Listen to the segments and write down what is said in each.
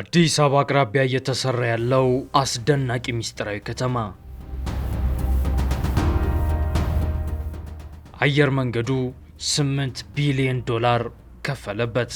አዲስ አበባ አቅራቢያ እየተሰራ ያለው አስደናቂ ምስጢራዊ ከተማ አየር መንገዱ 8 ቢሊዮን ዶላር ከፈለበት።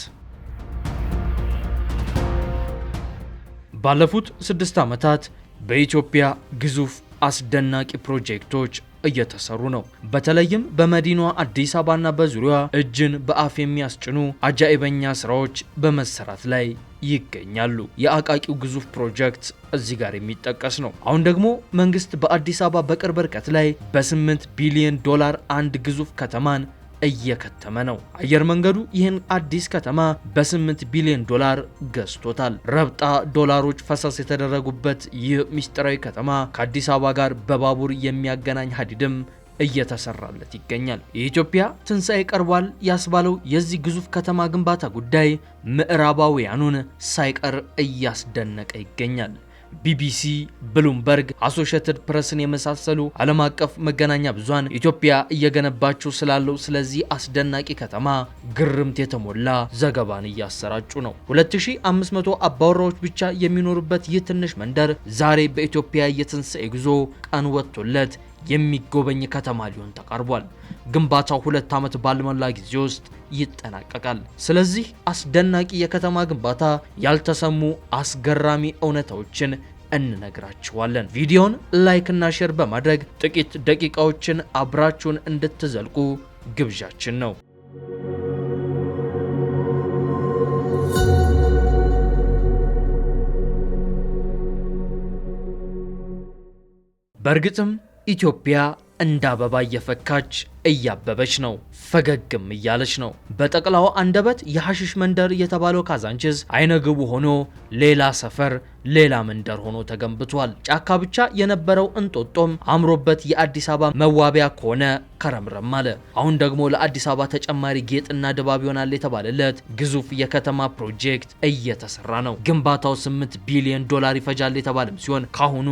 ባለፉት ስድስት ዓመታት በኢትዮጵያ ግዙፍ አስደናቂ ፕሮጀክቶች እየተሰሩ ነው። በተለይም በመዲናዋ አዲስ አበባና በዙሪያ እጅን በአፍ የሚያስጭኑ አጃኢበኛ ስራዎች በመሰራት ላይ ይገኛሉ። የአቃቂው ግዙፍ ፕሮጀክት እዚህ ጋር የሚጠቀስ ነው። አሁን ደግሞ መንግስት በአዲስ አበባ በቅርብ ርቀት ላይ በ8 ቢሊዮን ዶላር አንድ ግዙፍ ከተማን እየከተመ ነው። አየር መንገዱ ይህን አዲስ ከተማ በ8 ቢሊዮን ዶላር ገዝቶታል። ረብጣ ዶላሮች ፈሰስ የተደረጉበት ይህ ምስጢራዊ ከተማ ከአዲስ አበባ ጋር በባቡር የሚያገናኝ ሀዲድም እየተሰራለት ይገኛል። የኢትዮጵያ ትንሣኤ ቀርቧል ያስባለው የዚህ ግዙፍ ከተማ ግንባታ ጉዳይ ምዕራባውያኑን ሳይቀር እያስደነቀ ይገኛል። ቢቢሲ፣ ብሉምበርግ፣ አሶሽትድ ፕሬስን የመሳሰሉ ዓለም አቀፍ መገናኛ ብዙሃን ኢትዮጵያ እየገነባቸው ስላለው ስለዚህ አስደናቂ ከተማ ግርምት የተሞላ ዘገባን እያሰራጩ ነው። 2500 አባወራዎች ብቻ የሚኖሩበት ይህ ትንሽ መንደር ዛሬ በኢትዮጵያ የትንሣኤ ጉዞ ቀን ወጥቶለት የሚጎበኝ ከተማ ሊሆን ተቃርቧል። ግንባታው ሁለት ዓመት ባልሞላ ጊዜ ውስጥ ይጠናቀቃል። ስለዚህ አስደናቂ የከተማ ግንባታ ያልተሰሙ አስገራሚ እውነታዎችን እንነግራችኋለን። ቪዲዮን ላይክ እና ሼር በማድረግ ጥቂት ደቂቃዎችን አብራችሁን እንድትዘልቁ ግብዣችን ነው። በእርግጥም ኢትዮጵያ እንደ አበባ እየፈካች እያበበች ነው። ፈገግም እያለች ነው። በጠቅላው አንደበት የሐሽሽ መንደር የተባለው ካዛንችስ አይነግቡ ሆኖ ሌላ ሰፈር ሌላ መንደር ሆኖ ተገንብቷል። ጫካ ብቻ የነበረው እንጦጦም አምሮበት የአዲስ አበባ መዋቢያ ከሆነ ከረምረም አለ። አሁን ደግሞ ለአዲስ አበባ ተጨማሪ ጌጥና ድባብ ይሆናል የተባለለት ግዙፍ የከተማ ፕሮጀክት እየተሰራ ነው። ግንባታው 8 ቢሊዮን ዶላር ይፈጃል የተባለም ሲሆን ካሁኑ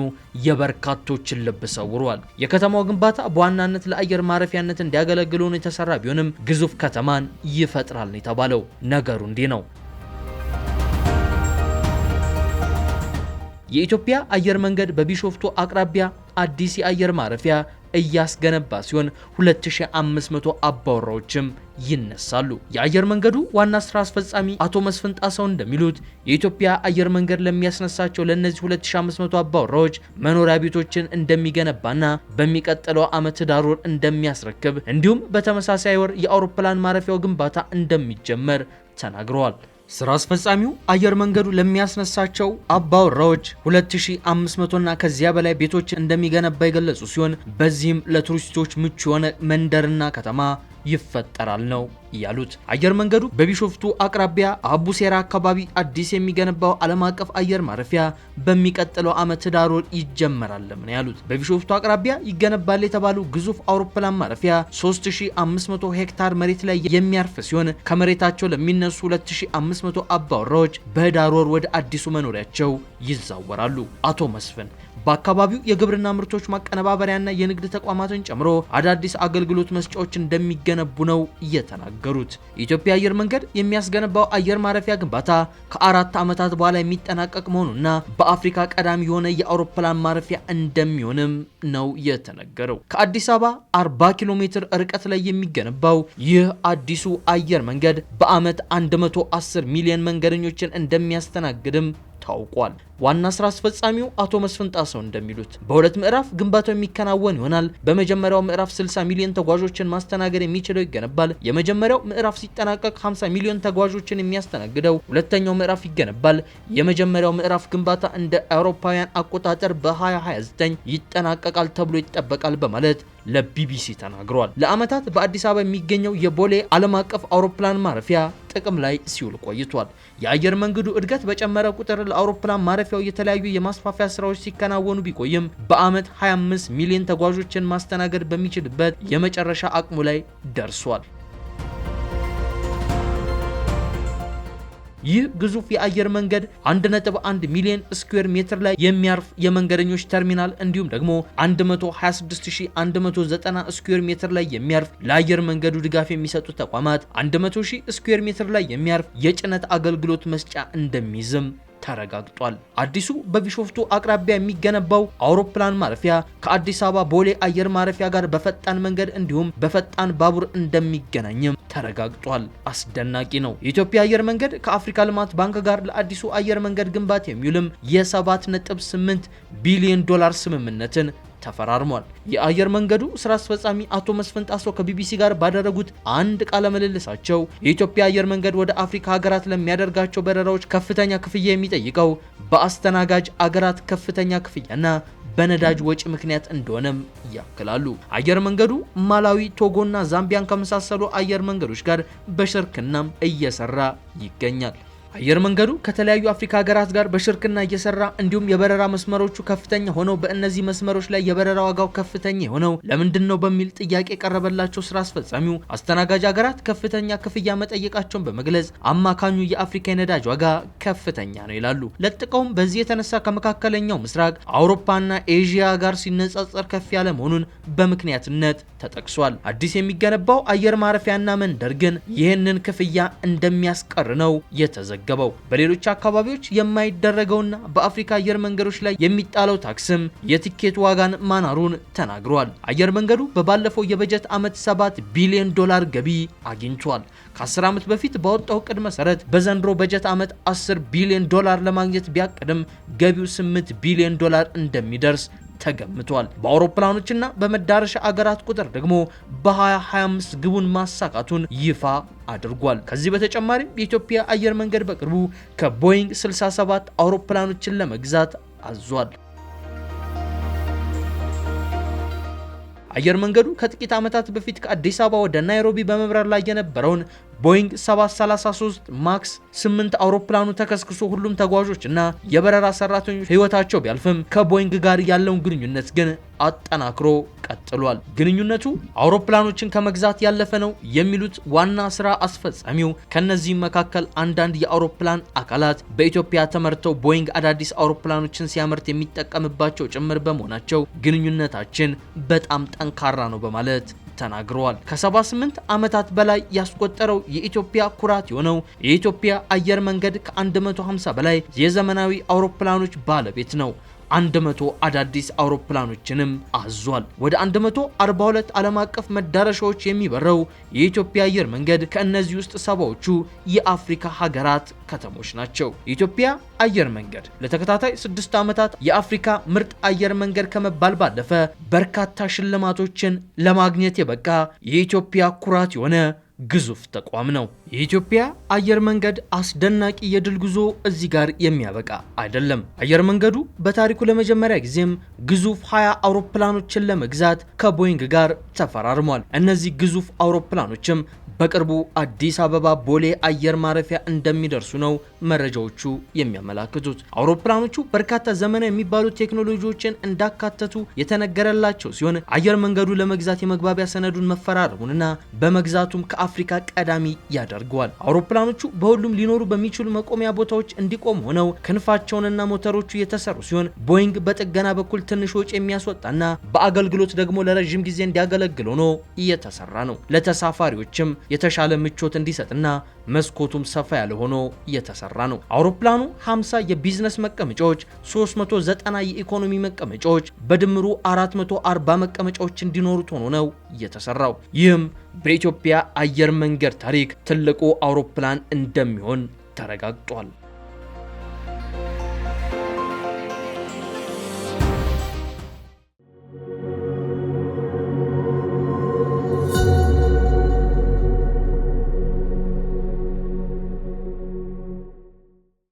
የበርካቶችን ልብ ሰውሯል። የከተማው ግንባታ በዋናነት ለአየር ማረፊያነት እንዲያገለግሉ ነው የተሰራ ቢሆንም ግዙፍ ከተማን ይፈጥራል ነው የተባለው። ነገሩ እንዲህ ነው። የኢትዮጵያ አየር መንገድ በቢሾፍቱ አቅራቢያ አዲስ የአየር ማረፊያ እያስገነባ ሲሆን 2500 አባወራዎችም ይነሳሉ። የአየር መንገዱ ዋና ስራ አስፈጻሚ አቶ መስፍን ጣሰው እንደሚሉት የኢትዮጵያ አየር መንገድ ለሚያስነሳቸው ለእነዚህ 2500 አባወራዎች መኖሪያ ቤቶችን እንደሚገነባና በሚቀጥለው ዓመት ህዳር ወር እንደሚያስረክብ እንዲሁም በተመሳሳይ ወር የአውሮፕላን ማረፊያው ግንባታ እንደሚጀመር ተናግረዋል። ስራ አስፈጻሚው አየር መንገዱ ለሚያስነሳቸው አባወራዎች 2500 እና ከዚያ በላይ ቤቶች እንደሚገነባ የገለጹ ሲሆን በዚህም ለቱሪስቶች ምቹ የሆነ መንደርና ከተማ ይፈጠራል ነው ያሉት። አየር መንገዱ በቢሾፍቱ አቅራቢያ አቡሴራ አካባቢ አዲስ የሚገነባው ዓለም አቀፍ አየር ማረፊያ በሚቀጥለው ዓመት ህዳር ወር ይጀመራልም ነው ያሉት። በቢሾፍቱ አቅራቢያ ይገነባል የተባሉ ግዙፍ አውሮፕላን ማረፊያ 3500 ሄክታር መሬት ላይ የሚያርፍ ሲሆን ከመሬታቸው ለሚነሱ 2500 አባወራዎች በህዳር ወር ወደ አዲሱ መኖሪያቸው ይዛወራሉ። አቶ መስፍን በአካባቢው የግብርና ምርቶች ማቀነባበሪያና የንግድ ተቋማትን ጨምሮ አዳዲስ አገልግሎት መስጫዎች እንደሚገነቡ ነው እየተናገሩት። የኢትዮጵያ አየር መንገድ የሚያስገነባው አየር ማረፊያ ግንባታ ከአራት ዓመታት በኋላ የሚጠናቀቅ መሆኑና በአፍሪካ ቀዳሚ የሆነ የአውሮፕላን ማረፊያ እንደሚሆንም ነው የተነገረው። ከአዲስ አበባ 40 ኪሎ ሜትር ርቀት ላይ የሚገነባው ይህ አዲሱ አየር መንገድ በዓመት 110 ሚሊዮን መንገደኞችን እንደሚያስተናግድም ታውቋል። ዋና ስራ አስፈጻሚው አቶ መስፍን ጣሰው እንደሚሉት በሁለት ምዕራፍ ግንባታው የሚከናወን ይሆናል። በመጀመሪያው ምዕራፍ 60 ሚሊዮን ተጓዦችን ማስተናገድ የሚችለው ይገነባል። የመጀመሪያው ምዕራፍ ሲጠናቀቅ 50 ሚሊዮን ተጓዦችን የሚያስተናግደው ሁለተኛው ምዕራፍ ይገነባል። የመጀመሪያው ምዕራፍ ግንባታ እንደ አውሮፓውያን አቆጣጠር በ2029 ይጠናቀቃል ተብሎ ይጠበቃል በማለት ለቢቢሲ ተናግሯል። ለዓመታት በአዲስ አበባ የሚገኘው የቦሌ ዓለም አቀፍ አውሮፕላን ማረፊያ ጥቅም ላይ ሲውል ቆይቷል። የአየር መንገዱ እድገት በጨመረ ቁጥር ለአውሮፕላን ማረፊያው የተለያዩ የማስፋፊያ ስራዎች ሲከናወኑ ቢቆይም በአመት 25 ሚሊዮን ተጓዦችን ማስተናገድ በሚችልበት የመጨረሻ አቅሙ ላይ ደርሷል። ይህ ግዙፍ የአየር መንገድ 1.1 ሚሊዮን ስኩዌር ሜትር ላይ የሚያርፍ የመንገደኞች ተርሚናል እንዲሁም ደግሞ 126190 ስኩዌር ሜትር ላይ የሚያርፍ ለአየር መንገዱ ድጋፍ የሚሰጡ ተቋማት 100000 ስኩዌር ሜትር ላይ የሚያርፍ የጭነት አገልግሎት መስጫ እንደሚይዝም ተረጋግጧል። አዲሱ በቢሾፍቱ አቅራቢያ የሚገነባው አውሮፕላን ማረፊያ ከአዲስ አበባ ቦሌ አየር ማረፊያ ጋር በፈጣን መንገድ እንዲሁም በፈጣን ባቡር እንደሚገናኝም ተረጋግጧል። አስደናቂ ነው። የኢትዮጵያ አየር መንገድ ከአፍሪካ ልማት ባንክ ጋር ለአዲሱ አየር መንገድ ግንባታ የሚውልም የ7.8 ቢሊዮን ዶላር ስምምነትን ተፈራርሟል። የአየር መንገዱ ስራ አስፈጻሚ አቶ መስፍን ጣሰው ከቢቢሲ ጋር ባደረጉት አንድ ቃለ ምልልሳቸው የኢትዮጵያ አየር መንገድ ወደ አፍሪካ ሀገራት ለሚያደርጋቸው በረራዎች ከፍተኛ ክፍያ የሚጠይቀው በአስተናጋጅ አገራት ከፍተኛ ክፍያና በነዳጅ ወጪ ምክንያት እንደሆነም ያክላሉ። አየር መንገዱ ማላዊ፣ ቶጎና ዛምቢያን ከመሳሰሉ አየር መንገዶች ጋር በሽርክናም እየሰራ ይገኛል። አየር መንገዱ ከተለያዩ አፍሪካ ሀገራት ጋር በሽርክና እየሰራ እንዲሁም የበረራ መስመሮቹ ከፍተኛ ሆነው በእነዚህ መስመሮች ላይ የበረራ ዋጋው ከፍተኛ የሆነው ለምንድን ነው በሚል ጥያቄ የቀረበላቸው ስራ አስፈጻሚው አስተናጋጅ ሀገራት ከፍተኛ ክፍያ መጠየቃቸውን በመግለጽ አማካኙ የአፍሪካ የነዳጅ ዋጋ ከፍተኛ ነው ይላሉ። ለጥቀውም በዚህ የተነሳ ከመካከለኛው ምስራቅ አውሮፓና ኤዥያ ጋር ሲነጻጸር ከፍ ያለ መሆኑን በምክንያትነት ተጠቅሷል። አዲስ የሚገነባው አየር ማረፊያና መንደር ግን ይህንን ክፍያ እንደሚያስቀር ነው የተዘገ የተመዘገበው። በሌሎች አካባቢዎች የማይደረገውና በአፍሪካ አየር መንገዶች ላይ የሚጣለው ታክስም የትኬት ዋጋን ማናሩን ተናግሯል። አየር መንገዱ በባለፈው የበጀት ዓመት 7 ቢሊዮን ዶላር ገቢ አግኝቷል። ከ10 ዓመት በፊት ባወጣው እቅድ መሰረት በዘንድሮ በጀት ዓመት 10 ቢሊዮን ዶላር ለማግኘት ቢያቅድም ገቢው 8 ቢሊዮን ዶላር እንደሚደርስ ተገምቷል። በአውሮፕላኖችና በመዳረሻ አገራት ቁጥር ደግሞ በ2025 ግቡን ማሳካቱን ይፋ አድርጓል። ከዚህ በተጨማሪም የኢትዮጵያ አየር መንገድ በቅርቡ ከቦይንግ 67 አውሮፕላኖችን ለመግዛት አዟል። አየር መንገዱ ከጥቂት ዓመታት በፊት ከአዲስ አበባ ወደ ናይሮቢ በመብረር ላይ የነበረውን ቦይንግ 733 ማክስ 8 አውሮፕላኑ ተከስክሶ ሁሉም ተጓዦች እና የበረራ ሰራተኞች ህይወታቸው ቢያልፍም ከቦይንግ ጋር ያለውን ግንኙነት ግን አጠናክሮ ቀጥሏል። ግንኙነቱ አውሮፕላኖችን ከመግዛት ያለፈ ነው የሚሉት ዋና ስራ አስፈጻሚው፣ ከነዚህም መካከል አንዳንድ የአውሮፕላን አካላት በኢትዮጵያ ተመርተው ቦይንግ አዳዲስ አውሮፕላኖችን ሲያመርት የሚጠቀምባቸው ጭምር በመሆናቸው ግንኙነታችን በጣም ጠንካራ ነው በማለት ተናግረዋል። ከ78 ዓመታት በላይ ያስቆጠረው የኢትዮጵያ ኩራት የሆነው የኢትዮጵያ አየር መንገድ ከ150 በላይ የዘመናዊ አውሮፕላኖች ባለቤት ነው። 100 አዳዲስ አውሮፕላኖችንም አዟል። ወደ 142 ዓለም አቀፍ መዳረሻዎች የሚበረው የኢትዮጵያ አየር መንገድ ከእነዚህ ውስጥ ሰባዎቹ የአፍሪካ ሀገራት ከተሞች ናቸው። የኢትዮጵያ አየር መንገድ ለተከታታይ ስድስት ዓመታት የአፍሪካ ምርጥ አየር መንገድ ከመባል ባለፈ በርካታ ሽልማቶችን ለማግኘት የበቃ የኢትዮጵያ ኩራት የሆነ ግዙፍ ተቋም ነው። የኢትዮጵያ አየር መንገድ አስደናቂ የድል ጉዞ እዚህ ጋር የሚያበቃ አይደለም። አየር መንገዱ በታሪኩ ለመጀመሪያ ጊዜም ግዙፍ 20 አውሮፕላኖችን ለመግዛት ከቦይንግ ጋር ተፈራርሟል። እነዚህ ግዙፍ አውሮፕላኖችም በቅርቡ አዲስ አበባ ቦሌ አየር ማረፊያ እንደሚደርሱ ነው መረጃዎቹ የሚያመላክቱት። አውሮፕላኖቹ በርካታ ዘመናዊ የሚባሉ ቴክኖሎጂዎችን እንዳካተቱ የተነገረላቸው ሲሆን አየር መንገዱ ለመግዛት የመግባቢያ ሰነዱን መፈራረሙንና በመግዛቱም ከአፍሪካ ቀዳሚ ያደርገዋል። አውሮፕላኖቹ በሁሉም ሊኖሩ በሚችሉ መቆሚያ ቦታዎች እንዲቆም ሆነው ክንፋቸውንና ሞተሮቹ የተሰሩ ሲሆን ቦይንግ በጥገና በኩል ትንሽ ወጪ የሚያስወጣና በአገልግሎት ደግሞ ለረዥም ጊዜ እንዲያገለግል ሆኖ እየተሰራ ነው። ለተሳፋሪዎችም የተሻለ ምቾት እንዲሰጥና መስኮቱም ሰፋ ያለ ሆኖ እየተሰራ ነው። አውሮፕላኑ 50 የቢዝነስ መቀመጫዎች፣ 390 የኢኮኖሚ መቀመጫዎች በድምሩ 440 መቀመጫዎች እንዲኖሩት ሆኖ ነው እየተሰራው። ይህም በኢትዮጵያ አየር መንገድ ታሪክ ትልቁ አውሮፕላን እንደሚሆን ተረጋግጧል።